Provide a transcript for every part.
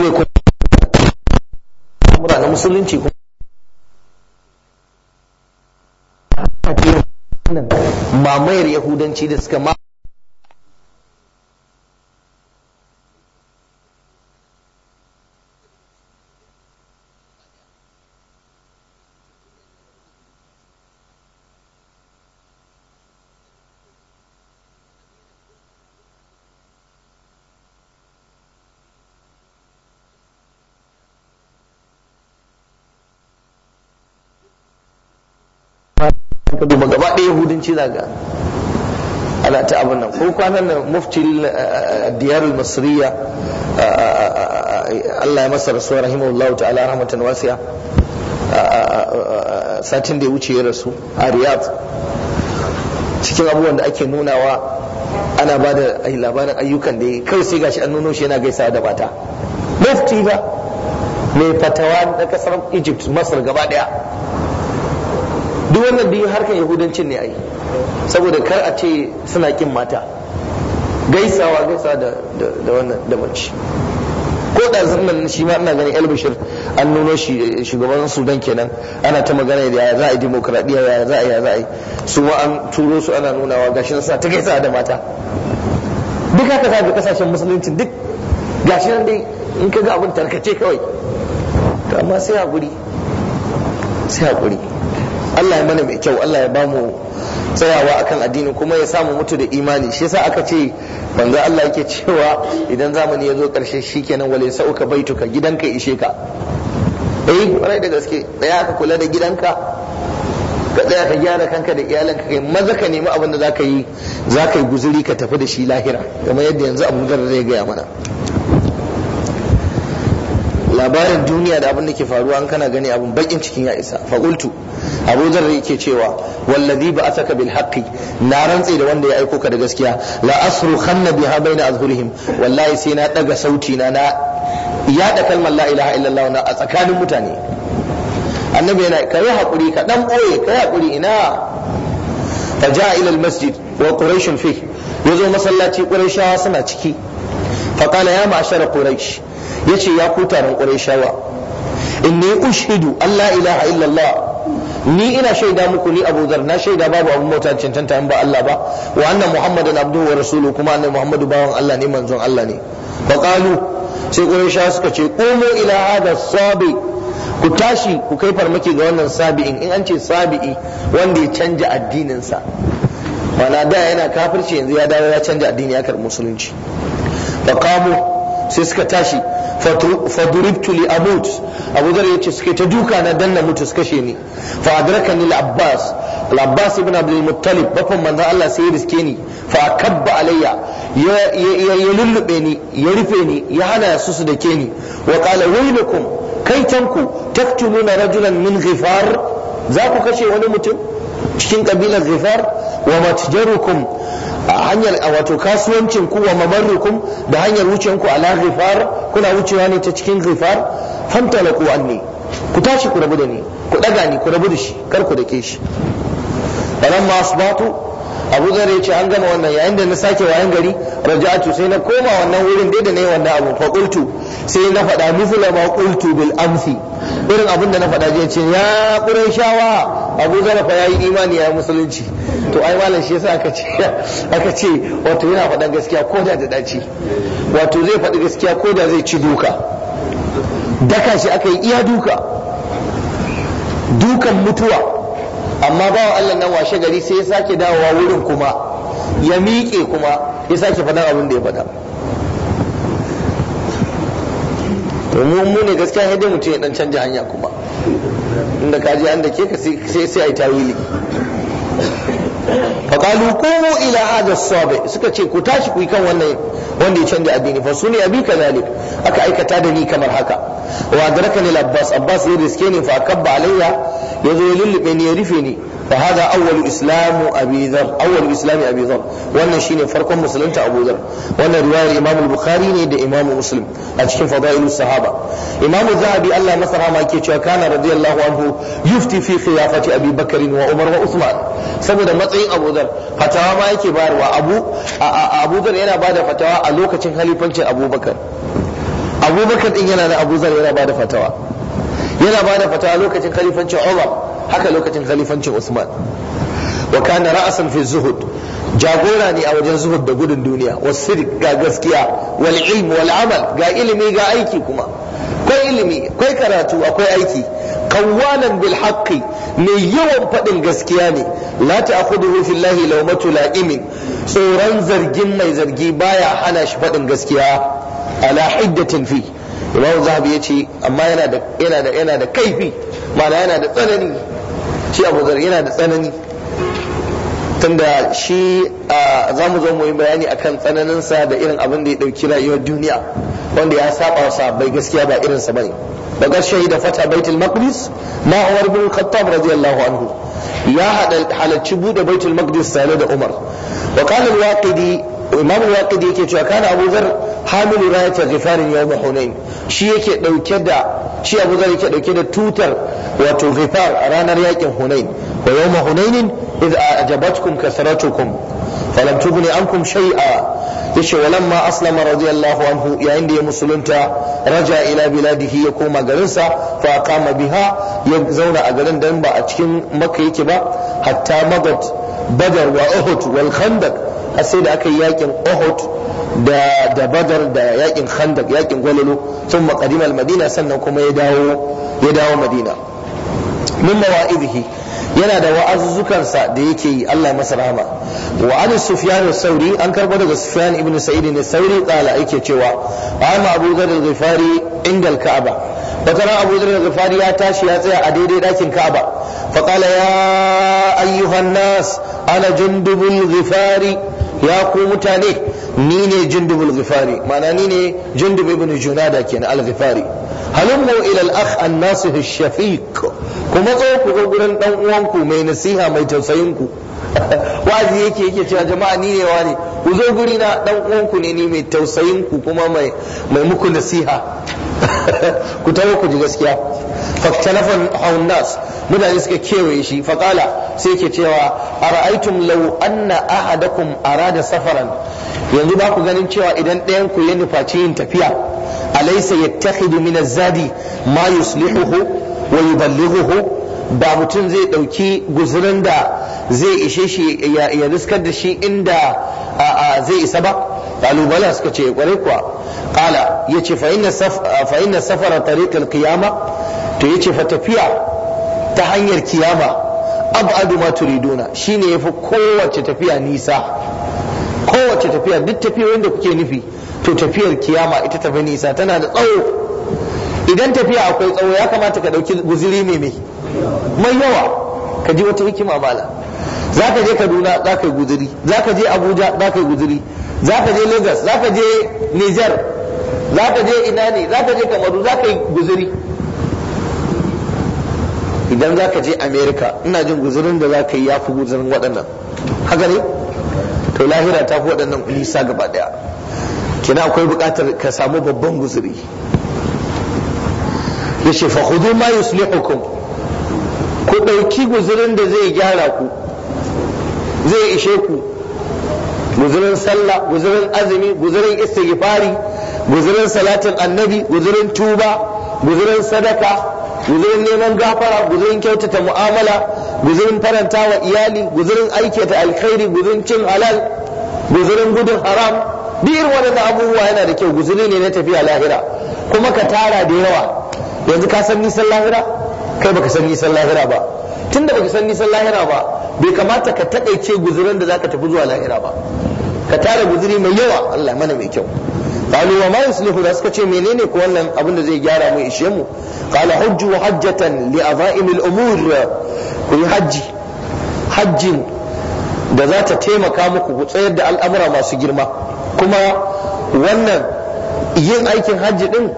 ne kuma amura na musulunci kuma mamayar yahudanci da suka ma ka duba gaba ɗaya yahudanci ga ana ta abin nan ko kwanan nan mufti eh, eh, eh, diyar masriya Allah ya masa rasuwa rahimahullahu ta'ala rahmatan wasiya satin da ya wuce ya rasu a riyadh cikin abubuwan da ake nunawa ana ba da labarin ayyukan da ya kai sai gashi an nuno shi yana gaisa da mata mufti ba mai fatawa na kasar egypt masar gaba daya duk wannan duk harkar yahudancin ne ai saboda kar a ce suna kin mata gaisawa gaisawa da wannan da mace ko da nan shi ma ina ganin elbashir an nuno shi shugaban sudan kenan ana ta magana da za a yi demokradiyya ya za a yi za a yi su ma an turo su ana nunawa gashi na sa ta gaisa da mata duk haka za ga kasashen musulunci duk gashi nan dai in ka ga abin tarkace kawai to amma sai haƙuri sai haƙuri Allah ya mana mai kyau Allah ya ba mu tsayawa akan addini kuma ya samu mutu da imani shi yasa aka ce banza Allah yake cewa idan zamani ya zo karshe shikenan wale sauka baituka gidanka ishe ka eh kwarai da gaske daya ka kula da gidanka ka daya ka gyara kanka da iyalanka kai maza ka nemi abin da zaka yi zaka yi guzuri ka tafi da shi lahira kamar yadda yanzu abun Dharr zai gaya mana labarin duniya da abin da ke faruwa an kana gani abin bakin cikin ya isa faqultu abu zarra yake cewa wallazi ba a bil haqqi na rantse da wanda ya aiko ka da gaskiya la asru khanna biha baina azhurihim wallahi sai na daga sauti na na yada kalmar la ilaha illallah na a tsakanin mutane annabi yana kai hakuri ka dan boye kai hakuri ina فجاء إلى المسجد وقريش فيه يزو مسلاتي قريشا سنة فقال يا معشر قريش yace ya kuta taron qurayshawa inni ushidu allah ilaha illallah ni ina shaida muku ni Abu na shaida babu abun mota cancanta in ba Allah ba wa anna Muhammadan abduhu wa rasuluhu kuma annabi Muhammadu bawan Allah ne manzon Allah ne fa qalu sai qurayshawa suka ce qumu ila hada sabi ku tashi ku kai farmaki ga wannan sabi'in in an ce sabi'i wanda ya canja addininsa mana da yana kafirci yanzu ya dawo ya canja addini ya karɓi musulunci da sai suka tashi faduribtu li amut abu zar yace suka ta duka na dan na mutu suka ni fa adrakani al abbas al abbas ibn abdul muttalib bafan manzo Allah sai ya riske ni fa kabba alayya ya lullube ni ya rufe ni ya hana su da dake ni wa qala waylakum tanku taktumuna rajulan min ghifar za ku kashe wani mutum cikin kabilar ghifar wa matjarukum a hanyar a wato kasuwancin ku wa mamarrukum da hanyar wucen ku ala ghifar kuna wucewa ne ta cikin ghifar ku anni ku tashi ku rabu da ni ku daga ni ku rabu da shi kar ku dake shi falamma asbatu abu zar ya ce an gama wannan yayin da na sake wayan gari raja'atu sai na koma wannan wurin dai da na yi wannan abu fa sai na faɗa mithla ma qultu bil amsi irin abin da na faɗa je ce ya shawa abu zar fa yayi imani ya musulunci to ai malam shi yasa aka ce wato yana faɗan gaskiya ko da da wato zai faɗi gaskiya ko da zai ci duka daka shi aka yi iya duka dukan mutuwa amma ba wa Allah nan washe gari sai ya sake dawowa wurin kuma ya miƙe kuma ya sake faɗan abin da ya faɗa to mu mu ne gaskiya sai mutum ya dan canja hanya kuma inda ka je an da ke ka sai sai ai tawili fa qalu qumu ila hada sabi suka ce ku tashi ku yi kan wannan wanda ya canja addini fa suni abi kadhalik aka aikata da ni kamar haka wa adraka ni labbas abbas ya riske ni fa kabba alayya ya zo ya lullube ni ya rufe ni fa hada awwal islamu abi dhar awwal islami abi dhar wannan shine farkon musulunta abu dhar wannan riwayar imam al-bukhari ne da imam muslim a cikin fadailus sahaba imam zahabi Allah masa rahama yake cewa kana radiyallahu anhu yufti fi khilafati abi bakr wa umar wa Usman. saboda matsayin abu dhar fatawa ma yake bayarwa abu abu dhar yana bada fatawa a lokacin halifancin abubakar abubakar din yana da abu dhar yana bada fatawa yana bada fata lokacin khalifancin Umar haka lokacin khalifancin Usman wa kana ra'asan fi zuhud jagora ne a wajen zuhud da gudun duniya wasidq ga gaskiya wal ilm wal amal ga ilimi ga aiki kuma akwai ilimi kai karatu akwai aiki kawalan bil haqqi mai yawan faɗin gaskiya ne la ta'khudhu fillahi lawmatu la'imin tsoron zargin mai zargi baya hana shi faɗin gaskiya ala hiddatin fi imam zahabi ya ce amma yana da kaifi ma'ana yana da tsanani shi abu zar yana da tsanani tunda shi za mu zo mu yi bayani akan tsananinsa da irin abin da ya ɗauki rayuwar duniya wanda ya saba wa sahabbai gaskiya ba irinsa bane daga shahida fata baitul maqdis ma umar bin khattab radiyallahu anhu ya hada halacci bude baitul maqdis sai da umar wa kana al-waqidi imam al-waqidi yake cewa kana abu zar hamilu rayat ghifarin yawm hunain shi yake dauke da shi Abu Zar yake dauke da tutar wato ghifar a ranar yakin Hunain wa yawma Hunainin idh ajabatkum kasratukum falam tughni ankum shay'a yace walamma aslama radiyallahu anhu yayin da ya musulunta raja ila biladihi ya koma garinsa fa kama biha ya zauna a garin dan ba a cikin makka yake ba hatta magat badar wa uhud wal khandaq har sai da aka yi yakin uhud da da badar da yakin khandak yakin gwalolo sun madina sannan kuma ya dawo ya dawo madina min mawa'idhi yana da wa'azuzzukansa da yake yi Allah masa rahama wa an sufyan sauri an karbo daga sufyan ibn sa'id ne sauri kala yake cewa ana abu dhar al-ghifari ka'aba wata abu dhar al-ghifari ya tashi ya tsaya a daidai dakin ka'aba fa qala ya ayyuhan nas ana jundubul ghifari ya ku mutane ni ne jundub al-ghifari ma'ana ni ne jundub ibn junada kenan al-ghifari halummu ila al-akh an-nasih ash-shafiq kuma zo ku ga gurin dan uwanku mai nasiha mai tausayin ku wazi yake yake cewa jama'a ni ne wani ku zo guri na dan uwanku ne ni mai tausayin ku kuma mai mai muku nasiha ku tawo ku ji gaskiya faktalafa hawan nas mutane suka kewaye shi faƙala. sai yake cewa araaitum law anna ahadakum arada safaran yanzu ba ku ganin cewa idan ɗayan ku ya nufaci yin tafiya alaysa yattakhidu min az-zadi ma yuslihuhu wa yuballighuhu ba mutum zai ɗauki guzurin da zai ishe shi ya riskar da shi inda zai isa ba kalubala suka ce kwarai kuwa kala ya ce fa'ina safara tariƙar kiyama to ya ce fa tafiya ta hanyar kiyama abadu ma turiduna shine ya fi kowace tafiya nisa kowace tafiya duk tafiyoyin da kuke nufi to tafiyar kiyama ita bani nisa tana da tsawo idan tafiya akwai tsawo ya kamata ka ɗauki guziri mai mai mai yawa ka ji wata hikima bala za ka je kaduna za ka yi guziri za ka je abuja za ka yi guziri za ka je lagos za ka je niger za ka je ina ne za ka je kamaru za ka yi guziri idan za ka je america ina jin guzirin da za ka yi ya fi guzirin waɗannan haka ne kai lahira ta fi waɗannan nisa gaba ɗaya kina akwai buƙatar ka samu babban guzuri ya ce fa khudu ma yuslihukum ku ɗauki guzurin da zai gyara ku zai ishe ku guzurin sallah guzurin azumi guzurin istighfari guzurin salatin annabi guzurin tuba guzurin sadaka guzurin neman gafara guzurin kyautata mu'amala guzurin faranta wa iyali guzurin ta alkhairi guzurin cin halal guzurin gudun haram duk wani waɗannan abubuwa yana da kyau guzuri ne na tafiya lahira kuma ka tara da yawa yanzu ka san nisan lahira kai baka san nisan lahira ba Tun tunda baka san nisan lahira ba bai kamata ka taƙaice guzurin da za ka tafi zuwa lahira ba ka tara guzuri mai yawa Allah mana mai kyau قالوا وما يصلح da suka ce menene ko wannan abin da zai gyara mu ishe mu qala hujju hajjatan li azaim al umur ku yi hajji da za taimaka muku ku tsayar da al'amura masu girma kuma wannan yin aikin hajji din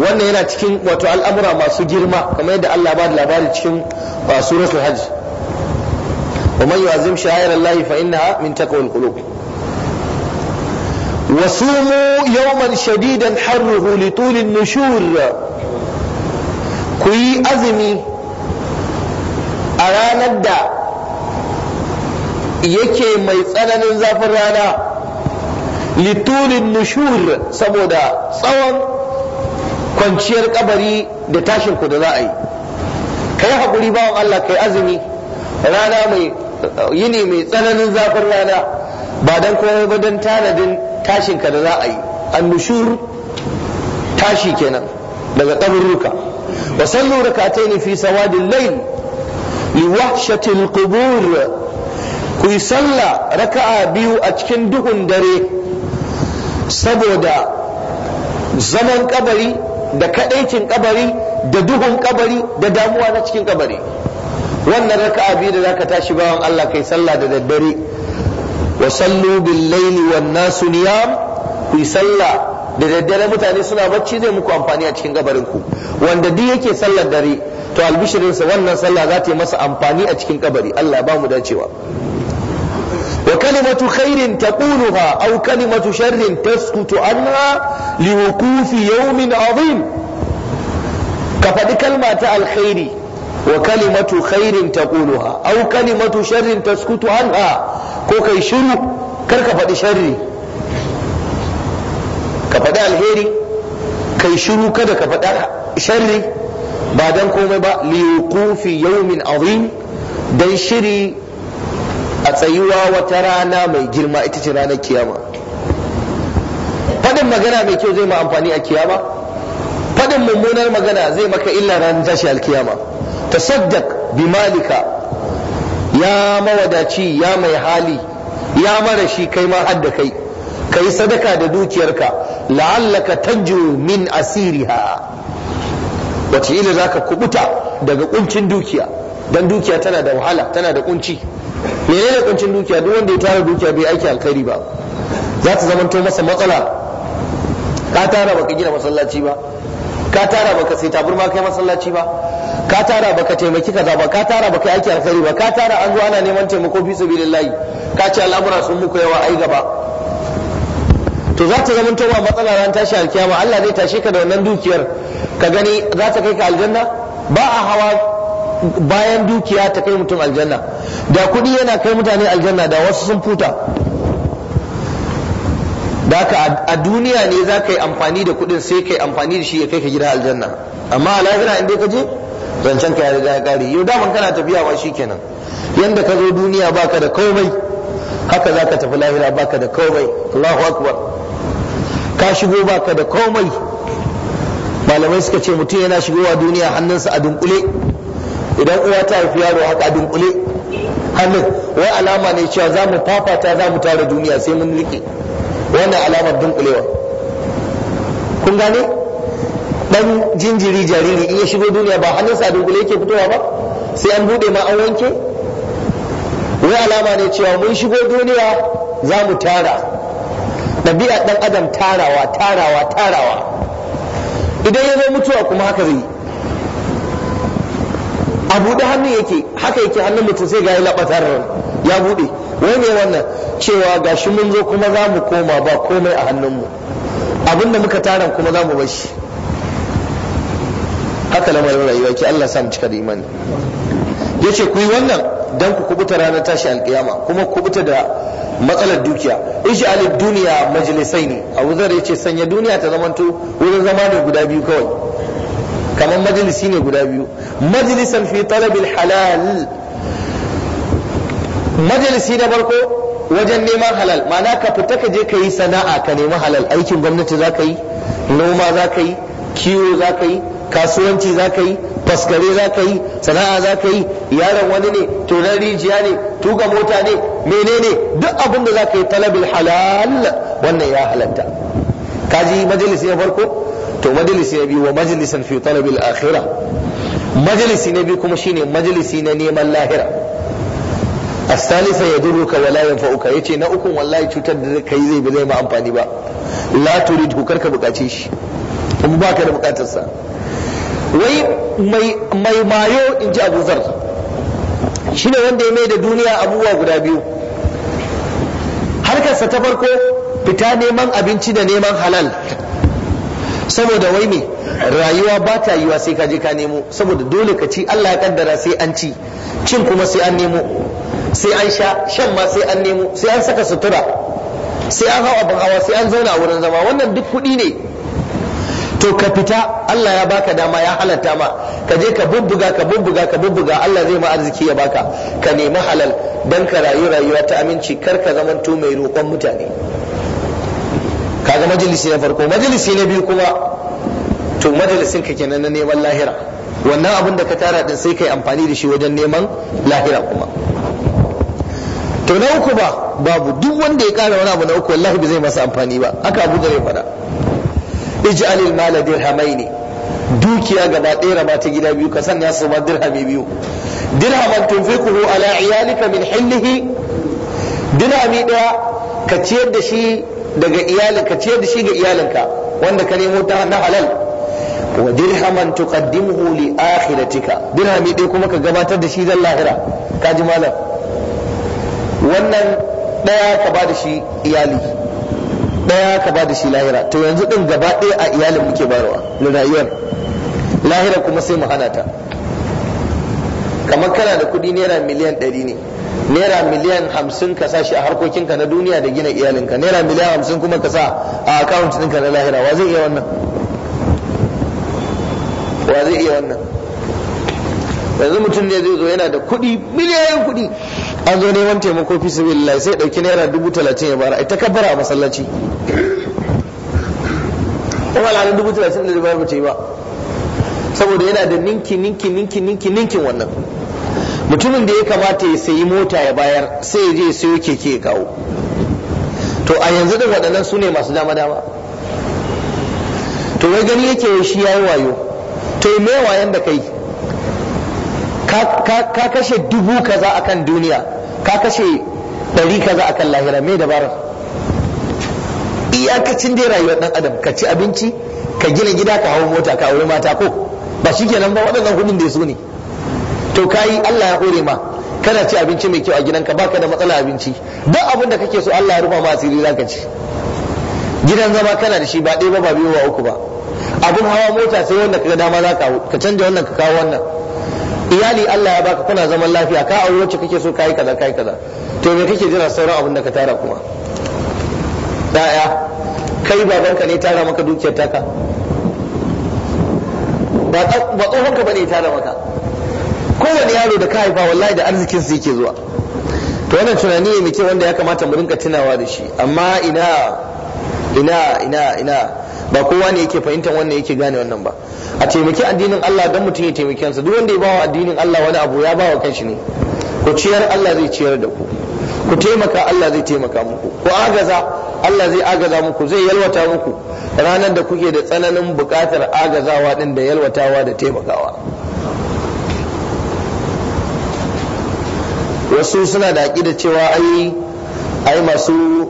wannan yana cikin wato al'amura masu girma kamar yadda Allah ba da labari cikin suratul hajj ومن يعظم شعائر الله فإنها من تقوى القلوب وصوموا يوما شديدا حره لطول النشور كي أزمي أرانا الدا yake mai tsananin zafin rana litulin nushur saboda tsawon kwanciyar kabari da tashinku da za a yi kai haƙuri bawan Allah kai azumi yini mai tsananin zafin rana ba don komai ba don tanadin tashin ka da za a yi annushur tashi kenan daga kaburruka wa sallu rak'atayn fi sawadil layl li wahshatil qubur ku yi sallah raka'a biyu a cikin duhun dare saboda zaman kabari da kadaicin kabari da duhun kabari da damuwa na cikin kabari wannan raka'a biyu da zaka tashi bawan Allah kai sallah da daddare wa sallu bil laili wan nasu niyam ku sallah da daddare mutane suna bacci zai muku amfani a cikin gabarin ku wanda duk yake sallar dare to albishirinsa wannan sallah za ta yi masa amfani a cikin kabari Allah ba mu dacewa wa kalimatu khairin taquluha aw kalimatu sharrin taskutu anha liwuqufi yawmin azim ka faɗi kalma ta alkhairi wa kalimatu khairin taquluha aw kalimatu sharrin taskutu anha ko kai shiru kar ka faɗi sharri ka faɗi alheri kai shiru kada ka faɗi sharri ba dan komai ba liwqufi yawmin azim dan shiri a tsayuwa wata rana mai girma ita ce ranar kiyama faɗin magana mai kyau zai ma amfani a kiyama faɗin mummunar magana zai maka illa ranar tashi alkiyama tasaddaq bi malika ya mawadaci ya mai hali ya mara shi kai ma hadda kai kai sadaka da dukiyarka la'allaka tanju min asiriha wace ila zaka kubuta daga kuncin dukiya dan dukiya tana da wahala tana da kunci menene kuncin dukiya duk wanda ya tara dukiya bai aiki alkhairi ba za ta zama zamanto masa matsala ka tara baka gina masallaci ba ka tara baka sai taburma kai masallaci ba ka tara baka taimaki kaza ba ka tara baka aiki alkhairi ba ka tara an zo ana neman taimako fi sabilillahi ka ce al'amura sun muku yawa ai gaba to za ta zama towa matsala ran tashi alkiyama Allah zai tashe ka da wannan dukiyar ka gani za ta kai ka aljanna ba a hawa bayan dukiya ta kai mutum aljanna da kuɗi yana kai mutane aljanna da wasu sun futa da ka a duniya ne za ka yi amfani da kuɗin sai ka yi amfani da shi ya kai ka gida aljanna amma a lahira inda ka je zancen ka ya riga ya kare yau daman kana tafiya ba shi kenan yanda ka zo duniya baka da komai haka za ka tafi lahira baka da komai Allahu akbar ka shigo baka da komai malamai suka ce mutum yana shigowa duniya hannunsa a dunkule idan uwa ta haifi yaro haka a dunkule hannun wai alama ne cewa za mu fafata za mu tara duniya sai mun rike wannan alamar dunkulewa kun gane dan jinjiri jariri in ya shigo duniya ba hannun sa dubule yake fitowa ba sai an bude ma an wanke wai alama ne cewa mun shigo duniya za mu tara ɗabi'a ɗan adam tarawa tarawa tarawa idan ya zo mutuwa kuma haka zai a buɗe hannun yake haka yake hannun mutum sai ga ya labatar ya buɗe wai ne wannan cewa gashi mun zo kuma za mu koma ba komai a hannunmu abinda muka tara kuma za mu bar shi haka lamarin rayuwa ke Allah sa mu cika da imani yace ku yi wannan dan ku kubuta ranar tashi alkiyama kuma kubuta da matsalar dukiya ali duniya majalisai ne Abu ya yace sanya duniya ta zamanto wurin zama ne guda biyu kawai kamar majalisi ne guda biyu majalisan fi talabil halal majalisi na farko wajen neman halal ma'ana ka fita ka je ka yi sana'a ka nemi halal aikin gwamnati za ka yi noma za ka yi kiwo za ka yi kasuwanci za ka yi faskare za ka yi sana'a za ka yi yaron wani ne tonar rijiya ne tuka mota ne menene duk abin da za ka yi talabil halal wannan ya halatta kaji majalisi na farko to majalisi na biyu wa majalisan fi talabil akhira majalisi na biyu kuma shine majalisi na neman lahira الثالثة da ولا ينفعك يتي نأكم والله تتد كي زي بزي ما أمباني با لا تريده كركب كاتيش ومباكر بكاتسا wai mai mayo in ji abu zar shi ne wanda ya mai da duniya abubuwa guda biyu harkarsa ta farko fita neman abinci da neman halal saboda wai ne rayuwa ba ta yiwa sai ka je ka nemo saboda dole ka ci Allah ya kaddara sai an ci cin kuma sai an nemo sai an sha shan ma sai an nemo sai an saka sutura sai an hau abin hawa sai an zauna a wurin zama wannan duk kuɗi ne to ka fita Allah ya baka dama ya halatta ma ka je ka bubbuga ka bubbuga ka bubbuga Allah zai ma arziki ya baka ka nemi halal dan ka rayu rayuwa ta aminci kar ka zaman to mai roƙon mutane kaga majalisi na farko majalisi na biyu kuma to majalisin ka kenan na neman lahira wannan abin da ka tara din sai kai amfani da shi wajen neman lahira kuma to na uku ba babu duk wanda ya kara wani abu na uku wallahi ba zai masa amfani ba aka abu da ya faɗa ij'alil mala dirhamaini dukiya gaba ɗaya raba ta gida biyu ka sanya su ma dirhami biyu dirhaman tunfiquhu ala iyalika min hillihi dirhami daya ka ciyar da shi daga iyalin ka ciyar da shi ga iyalinka wanda ka nemo ta na halal wa dirhaman tuqaddimuhu li akhiratika dirhami ɗaya kuma ka gabatar da shi dan lahira ka ji malam wannan daya ka ba da shi iyali daya ka ba da shi lahira to yanzu din gaba ɗaya a iyalin muke bayarwa na rayuwar lahira kuma sai mu hana ta kamar kana da kuɗi naira miliyan ɗari ne naira miliyan hamsin ka sa shi a harkokinka na duniya da gina iyalinka naira miliyan hamsin kuma ka sa a akawunt ɗinka na lahira wa zai iya wannan wa zai iya wannan yanzu mutum ne zai zo yana da kuɗi miliyoyin kuɗi an zo neman taimako fi sabilillah sai dauki naira dubu talatin ya bara ita kabbara a masallaci kuma alhalin dubu talatin da riba ba ta yi ba saboda yana da ninki ninki ninki ninki ninkin wannan mutumin da ya kamata ya sayi mota ya bayar sai ya je ya sayo keke ya kawo to a yanzu da waɗannan su ne masu dama dama to wai gani yake shi yayi wayo to me wayan da kai ka kashe dubu kaza akan duniya ka kashe ɗari kaza a kan lahira mai dabarar iyakacin dai rayuwar ɗan adam ka ci abinci ka gina gida ka hau mota ka auri mata ko ba shi kenan ba waɗannan hudun da su ne to ka yi Allah ya hore ma kana ci abinci mai kyau a gidanka baka da matsala abinci duk abin da kake so Allah ya rufa ma asiri ka ci gidan zama kana da shi ba ɗaya ba ba biyu ba uku ba abin hawa mota sai wanda ga dama za ka ka canja wannan ka kawo wannan iyali Allah ya baka kuna zaman lafiya ka aure wacce kake so kai kaza kai kaza to me kake jira sauran abin da ka tara kuma daya kai babanka ne tara maka dukiyar taka ba tsohonka ba bane tara maka kowane yaro da ka haifa wallahi da arzikin su yake zuwa to wannan tunani ne muke wanda ya kamata mu rinka tunawa da shi amma ina ina ina ina ba kowa ne yake fahimtar wannan yake gane wannan ba a taimaki addinin Allah don mutum ya taimaki kansa duk wanda ya bawa addinin Allah wani abu ya bawa kanshi ne ku ciyar Allah zai ciyar da ku ku taimaka Allah zai taimaka muku ku agaza Allah zai agaza muku zai yalwata muku ranar da kuke da tsananin buƙatar agazawa din da yalwatawa da taimakawa wasu suna da aƙida cewa ai ai masu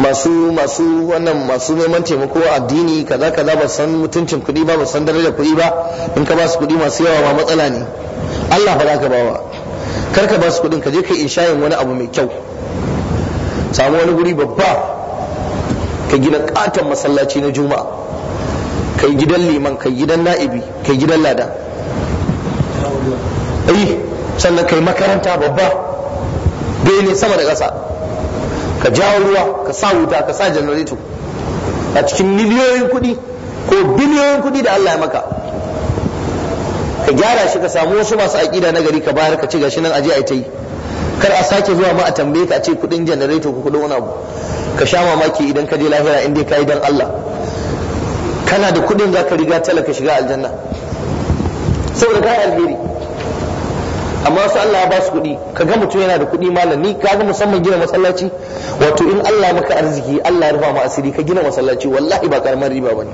masu masu wannan masu neman taimako addini kaza kaza ba san mutuncin kuɗi ba ba san da kuɗi ba in ka ba su kuɗi masu yawa ba matsala ne Allah za ka bawa kar ka ba su kuɗin ka je ka shayin wani abu mai kyau samu wani guri babba ka gina katon masallaci na juma'a kai gidan liman kai gidan na'ibi kai gidan lada sannan kai makaranta babba bene sama da ƙasa ka jawo ruwa ka sa wuta ka sa janareto a cikin miliyoyin kuɗi ko biliyoyin kuɗi da Allah ya maka ka gyara shi ka samu wasu masu aƙida na gari ka bayar ka ci gashi nan aje a ta yi kar a sake zuwa ma a tambaye ka a ce kuɗin janareto ko kuɗin wani abu ka sha mamaki idan ka je lahira in dai ka yi dan Allah kana da kuɗin za ka riga talaka shiga aljanna saboda ka alheri amma wasu Allah ya ba su kuɗi ga mutum yana da kuɗi malami ga musamman gina masallaci wato in Allah maka arziki Allah ya rufa ma asiri ka gina masallaci wallahi ba karamar riba bane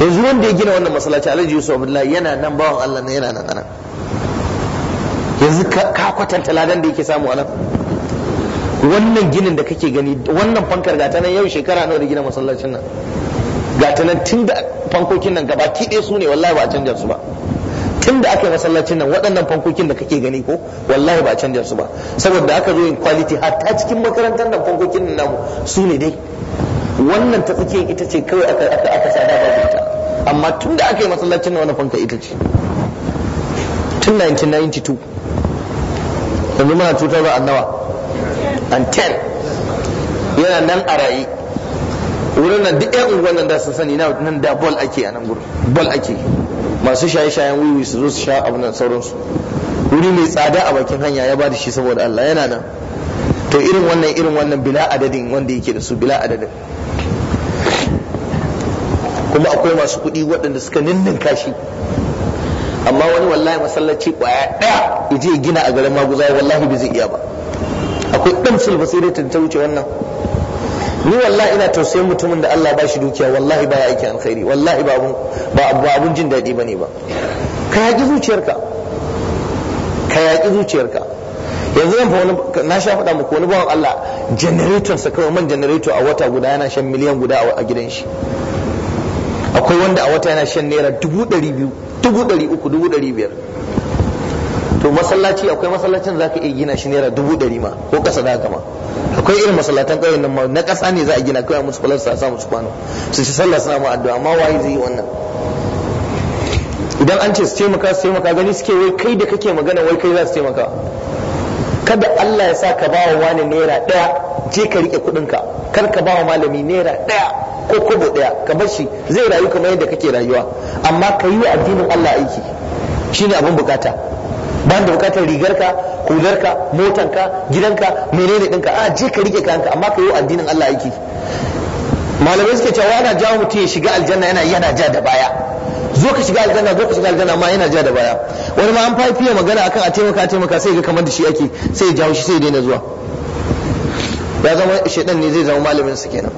yanzu wanda ya gina wannan masallaci Alhaji Yusuf Abdullahi yana nan bawan Allah ne yana nan anan yanzu ka kwatanta ladan da yake samu anan wannan ginin da kake gani wannan fankar gata nan yau shekara nawa da gina masallacin nan gata nan tun da fankokin nan gaba ki ɗaya su ne wallahi ba a canja su ba tun da aka yi masallacin nan waɗannan fankokin da kake gani ko wallahi ba a canja su ba saboda aka zo yin quality hatta cikin makarantar nan fankokin nan namu su ne dai wannan ta tsakiyar ita ce kawai aka sada ba ita amma tun da aka yi masallacin nan wannan fanka ita ce tun 1992 yanzu muna cutar da annawa and ten yana nan a raye wurin nan duk 'yan unguwan nan da sun sani nan da bol ake a nan gurin bol ake masu shaye-shayen wiwi su zo su sha abu nan sauransu wuri mai tsada a bakin hanya ya bada shi saboda Allah yana nan to irin wannan irin wannan bila adadin wanda yake da su bila adadin kuma akwai masu kuɗi waɗanda suka ninninka shi amma wani wallahi masallaci kwaya ɗaya ya gina a garin maguza wallahi ba zai iya ba akwai ɗan dai ta wuce wannan ni wallahi ina tausayin mutumin da Allah ba shi dukiya wallahi ya aiki alkhairi wallahi ba abun ba abun jin daɗi bane ba ka yaƙi zuciyarka ka yaƙi zuciyarka yanzu nan wani na sha faɗa muku wani bawan Allah generator sa kawai man generator a wata guda yana shan miliyan guda a gidan shi akwai wanda a wata yana shan naira dubu ɗari biyu dubu ɗari uku dubu ɗari biyar to masallaci akwai masallacin zaka iya gina shi naira dubu ɗari ma ko ƙasa da haka ma akwai irin masallatan ƙauyen nan na ƙasa ne za a gina kawai musu falarsa a sa musu kwano su ci sallah suna mu addu'a amma waye zai yi wannan idan an ce su taimaka su taimaka gani suke wai kai da kake magana wai kai za su taimaka kada Allah ya sa ka ba wa wani naira ɗaya je ka rike ka kar ka ba wa malami naira ɗaya ko kobo daya ka bar shi zai rayu kamar yadda kake rayuwa amma ka yi wa addinin Allah aiki shine abin bukata Ban da bukatar rigarka hularka motanka gidanka menene ɗinka a je ka rike kanka amma ka yi addinin Allah aiki malamai suke cewa ana jawo mutum ya shiga aljanna yana yana ja da baya zo ka shiga aljanna zo ka shiga aljanna amma yana ja da baya wani ma an fafiya magana akan a taimaka a taimaka sai ga kamar da shi ake sai ya jawo shi sai ya daina zuwa ya zama shedan ne zai zama malamin su kenan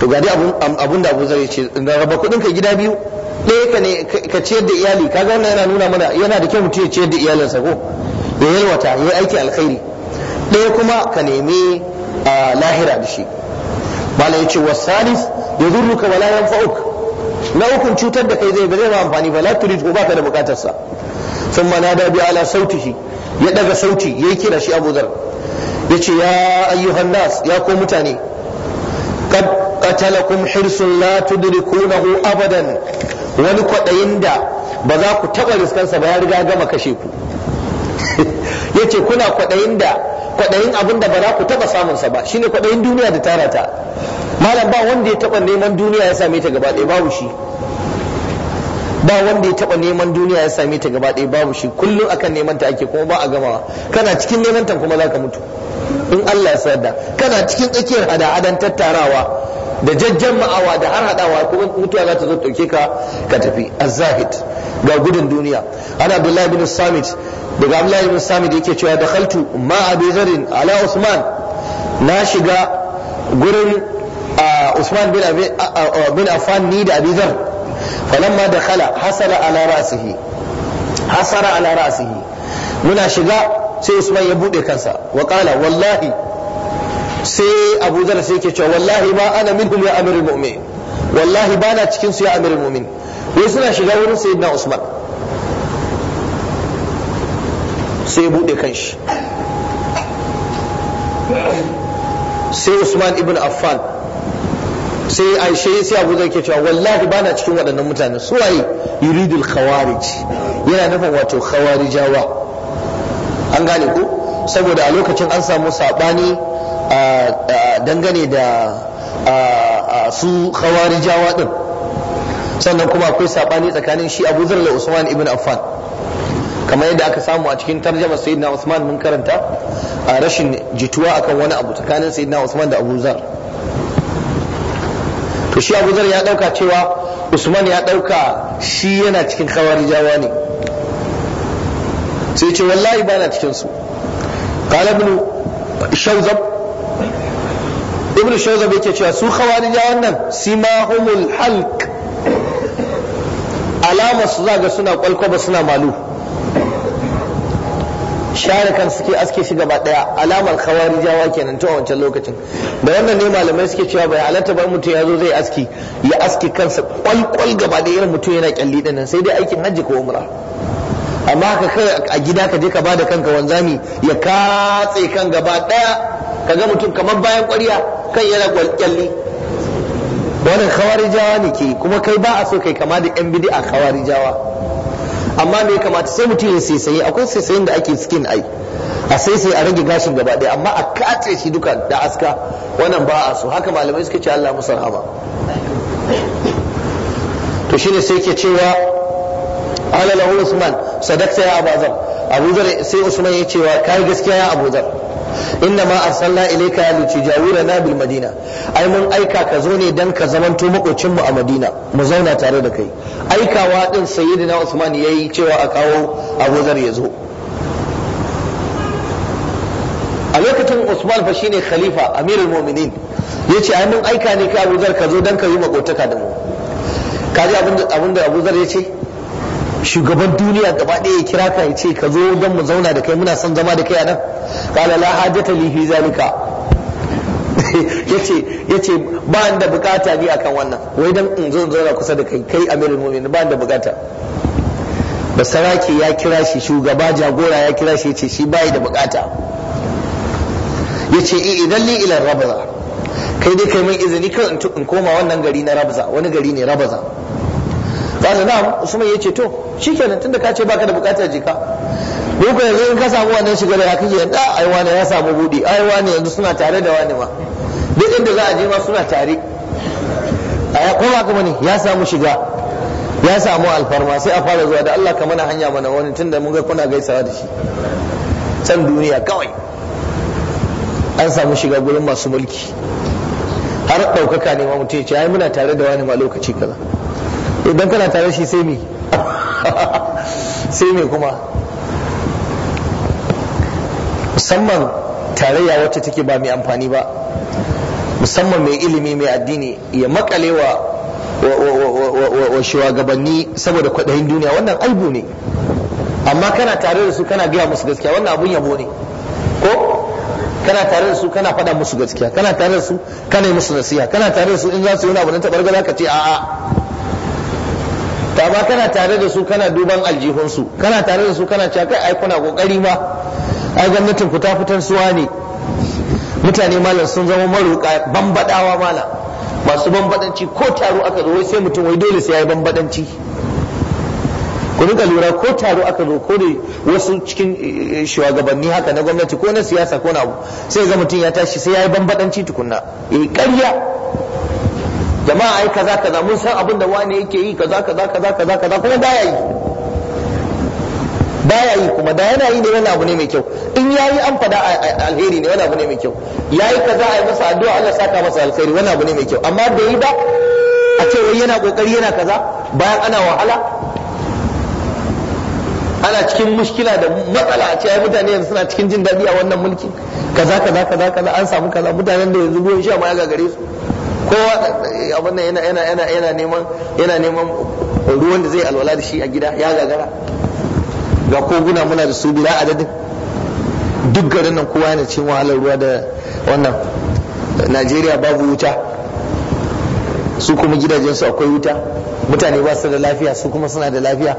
to ga dai abun da abu zai ce raba kudin ka gida biyu ɗaya ka ne ka ciyar da iyali kaga wannan yana nuna mana yana da kyau mutum ya ciyar da iyalinsa ko ya yalwata ya yi aiki alkhairi ɗaya kuma ka nemi lahira da shi malam yace wasalis yadurruka wala yanfa'uk na ukun cutar da kai zai ba zai ma amfani ba la turid ko baka da bukatar sa thumma nada bi ala sautihi ya daga sauti yayi kira shi Abu Ya yace ya ayyuhan nas ya ko mutane qad qatalakum hirsun la tudrikunahu abadan wani kwaɗayin da ba za ku taɓa riskansa ba ya riga gama kashe ku ya ce kuna kwaɗayin da kwaɗayin abin da ba za ku taɓa samunsa ba shine kwaɗayin duniya da tara ta malam ba wanda ya taɓa neman duniya ya same ta gaba ɗaya babu shi ba wanda ya taɓa neman duniya ya same ta gaba ɗaya babu shi kullum akan neman ta ake kuma ba a gamawa kana cikin neman ta kuma za ka mutu in Allah ya sarda kana cikin tsakiyar hada-hadan tattarawa da jajjan ma'awa da har hadawa kuma mutuwa za ta zo ɗauke ka ka tafi az-zahid ga gudun duniya ana abdullahi bin samit daga abdullahi bin samit yake cewa da khaltu ma abi zarin ala usman na shiga gurin usman bin affan ni da abi zar falamma dakhala hasala ala ra'sihi hasara ala ra'sihi muna shiga sai usman ya buɗe kansa wa qala wallahi sai abu zar sai ke cewa wallahi ma ana min ya amirul mu'min wallahi ba na cikin su ya amirul mu'min wai suna shiga wurin na usman sai ya kan shi. sai usman ibn affan sai aisha sai abu zar ke cewa wallahi ba na cikin waɗannan mutane su waye yuridul khawarij yana nufin wato khawarijawa an gane ko saboda a lokacin an samu saɓani. dangane da su jawa din sannan kuma akwai sabani tsakanin shi Abu Dharr da Usman ibn Affan kamar yadda aka samu a cikin tarjama sayyidina Usman mun karanta a rashin jituwa akan wani abu tsakanin sayyidina Usman da Abu to shi Abu Dharr ya dauka cewa Usman ya dauka shi yana cikin jawa ne sai ce wallahi bana cikin su qala ibn shawzab ibn shazab yake cewa su khawarija wannan simahumul halq alamar su zaga suna kwalkwaba suna malu share kan suke aske shi gaba daya alamar khawarijawa kenan tun a wancan lokacin da wannan ne malamai suke cewa bai halatta ba mutum ya zo zai aski ya aski kansa kwalkwal gaba da irin mutum yana kyalli dinnan sai dai aikin hajji ko umra amma ka kai a gida ka je ka bada kanka wanzami ya katse kan gaba daya kaga mutum kamar bayan kwariya kan yana gwalkyalli wannan khawarijawa ne ke kuma kai ba a so kai kama da yan bid'a khawarijawa amma me ya kamata sai mutum ya saisaye akwai saisayin da ake skin ai a saisaye a rage gashin gaba ɗaya amma a katse shi duka da aska wannan ba a so haka malamai suka ce Allah musu rahama to shine sai ke cewa ala lahu usman Sadakta ya abazar abuzar sai usman ya cewa kai gaskiya ya abuzar inna ma arsalna ilayka li na bil madina ai mun aika ka zo ne dan ka zamanto makocin mu a madina mu zauna tare da kai aikawa din sayyidina usman yayi cewa a kawo abu zar ya zo a lokacin usman fa shine khalifa amirul mu'minin yace ai mun aika ne ka abu zar ka zo dan ka yi makotaka da mu kaji abinda abinda abu zar yace shugaban duniya gaba ɗaya ya kira ka ya ce ka zo don mu zauna da kai muna son zama da kai a nan qala la hajata li fi zalika yace yace ba da bukata ni akan wannan wai dan in zo zauna kusa da kai kai amirul mu'minin ba da bukata saraki ya kira shi shugaba jagora ya kira shi yace shi bai da bukata yace eh, idan li ila rabza kai dai kai min izini kan in koma wannan gari na rabza wani gari ne rabza qala na'am usman yace to shikenan tunda kace baka da bukata jika ka ko yanzu in ka samu wannan shiga da kake da ai wani ya samu budi ai wani yanzu suna tare da wani ma duk inda za a je ma suna tare ko ba ka bane ya samu shiga ya samu alfarma sai a fara zuwa da Allah ka mana hanya mana wani tunda mun ga kuna gaisawa da shi san duniya kawai an samu shiga gurin masu mulki har ɗaukaka ne ma mutum ya ce ai muna tare da wani ma lokaci kaza idan kana tare shi sai me sai me kuma musamman tarayya wacce take ba mai amfani ba musamman mai ilimi mai addini ya makalewa wa shugabanni saboda kwaɗayin duniya wannan aibu ne amma kana tare da su kana gaya musu gaskiya wannan abun yabo ne ko kana tare da su kana faɗa musu gaskiya kana tare da su kana yi musu nasiha kana tare da su in za su yi wani abu na za ka ce a'a to amma kana tare da su kana duban aljihunsu kana tare da su kana cewa kai ai kuna kokari ma ai gwamnatin ku ta fitan suwa ne mutane malam sun zama maruka bambadawa malam masu bambadanci ko taro aka zo sai mutum wai dole sai ya yi bambadanci ku rika lura ko taro aka zo ko da wasu cikin eh, shugabanni haka na gwamnati ko na siyasa ko na abu sai ga mutum ya tashi sai ya yi bambadanci tukunna eh ƙarya jama'a ai kaza kaza mun san abin da wani yake yi kaza kaza kaza kaza kaza kuma baya yi baya yi kuma da yana yi ne wani abu ne mai kyau in yayi an fada alheri ne wani abu ne mai kyau yayi kaza ai masa addu'a Allah saka masa alheri wani abu ne mai kyau amma bai yi ba a ce wai yana kokari yana kaza bayan ana wahala ana cikin mushkila da matsala a ce ai mutane yanzu suna cikin jin daɗi a wannan mulki kaza kaza kaza kaza an samu kaza mutanen da yanzu goyon sha ma ya gagare su kowa eh, abin yana yana yana yana neman yana neman ruwan da zai alwala da shi a gida ya gagara ga koguna muna da su bila adadin duk garin nan kowa yana cin wahalar ruwa da wannan Najeriya babu wuta su kuma gidajen su akwai wuta mutane ba su da lafiya su kuma suna da lafiya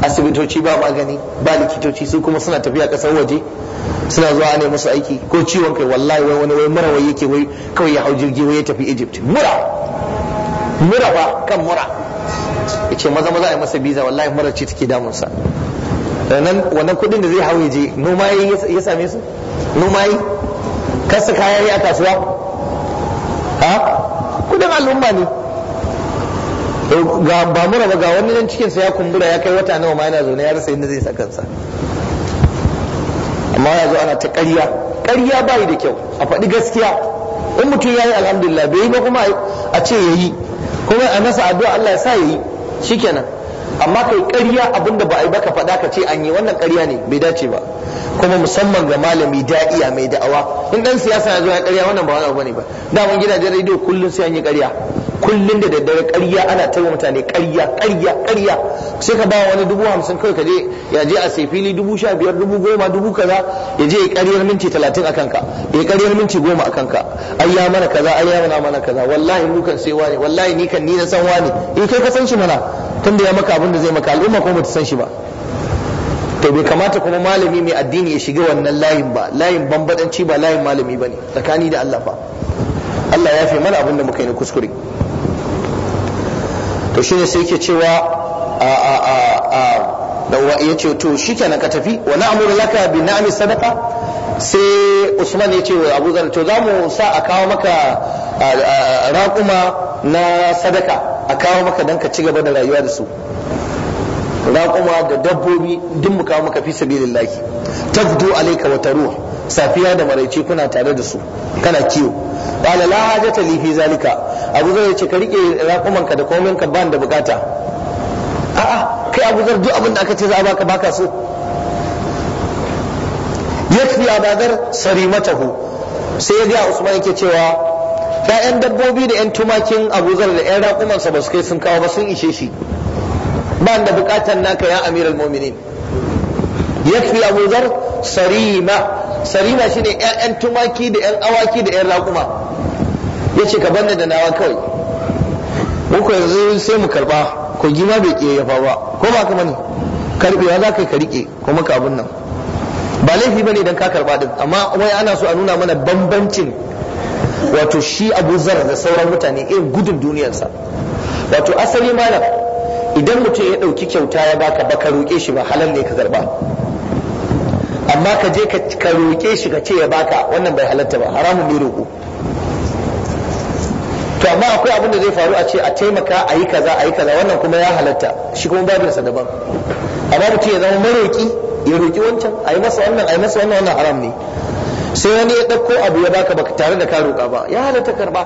asibitoci ba magani ba likitoci su kuma suna tafiya kasar waje suna zuwa ne musu aiki ko ciwon kai wallahi wai wani wai mura wai yake wai kawai ya hau jirgi wai ya tafi Egypt mura mura ba kan mura yace maza maza ya masa biza wallahi mura ce take damunsa wannan kudin da zai hau ya je noma ya same su noma yi kasa kayan ya kasuwa ha kudin al'umma ne ga ba mura ba ga wani nan sa ya kumbura ya kai wata nawa ma yana zaune ya rasa inda zai saka kansa amma ya zo ana ta ƙarya ƙarya ba yi da kyau a faɗi gaskiya in mutum ya yi alhamdulillah bai yi ba kuma a ce ya yi kuma a masa addu'a Allah ya sa ya yi shikenan amma kai ƙarya da ba a yi ba ka faɗa ka ce an yi wannan ƙarya ne bai dace ba kuma musamman ga malami da'iya mai da'awa in ɗan siyasa ya zo ya ƙarya wannan ba wani abu ne ba daman gidajen rediyo kullum sai an yi ƙarya kullum da daddare ƙarya ana ta mutane ƙarya ƙarya ƙarya sai ka ba wani dubu hamsin kawai ka je ya je a sai fili dubu sha biyar dubu goma dubu kaza ya je ya ƙaryar minti talatin a kanka ya ƙaryar minti goma a kanka ai ya mana kaza ai ya mana mana kaza wallahi mu kan sai wani wallahi ni kan ni na san wani in eh, kai ka san shi mana tunda ya maka abin da zai maka al'umma kuma ta san shi ba to bai kamata kuma malami mai addini ya shiga wannan layin ba layin bambadanci ba layin malami ba ne tsakani da Allah fa Allah ya fi mana abin da muka yi na kuskure to shi ne sai yake cewa a a a a da ce to ka tafi wa na'muru laka bi na'mi sadaka? sai usman ya ce wa abu zar to za mu sa a kawo maka raƙuma na sadaka a kawo maka don ka ci gaba da rayuwa da su raƙuma da dabbobi duk mu kawo maka fi sabilillahi tafdu alayka wa taruh safiya da maraice kuna tare da su kana kiwo qala la hajata li zalika abu zai ce ka rike raƙumanka da komai ka ban da bukata a'a kai abu zar duk abin aka ce za a baka baka so yakfi abadar sarimatahu sai ya ga Usman yake cewa 'Yan dabbobi da ‘yan tumakin abuzar da ‘yan raƙumansa ba su kai sun kawo ba sun ishe shi ba da bukatan naka ya amir al-mominin abuzar sarima sarima shine ‘ya'yan tumaki da ‘yan awaki da ‘yan raƙuma ya ce ka banda da nawa kawai uku yanzu sai mu karba ko ma bai ke yafa ba ko ba ka mani ya za ka yi ka rike ko abin nan ba laifi ne idan ka karba din amma wai ana so a nuna mana bambancin wato shi abu zar da sauran mutane irin gudun duniyarsa wato asali malam idan mutum ya ɗauki kyauta ya baka ba ka roƙe shi ba halal ne ka karba amma ka je ka roƙe shi ka ce ya baka wannan bai halatta ba haramun ne roƙo to amma akwai abin da zai faru a ce a taimaka a yi kaza a yi kaza wannan kuma ya halatta shi kuma sa daban amma mutum ya zama maroki ya roki wancan a yi masa wannan a yi masa wannan wannan haram ne sai wani ya ɗauko abu ya baka baka tare da ka roka ba ya halatta karba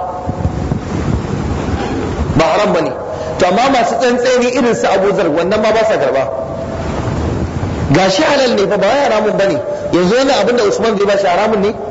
ba haram ba ne to amma masu tsantseni irin su abuzar wannan ma ba sa karba gashi halal ne fa ba ya haramun ba ne yanzu wannan abin da usman zai ba shi haramun ne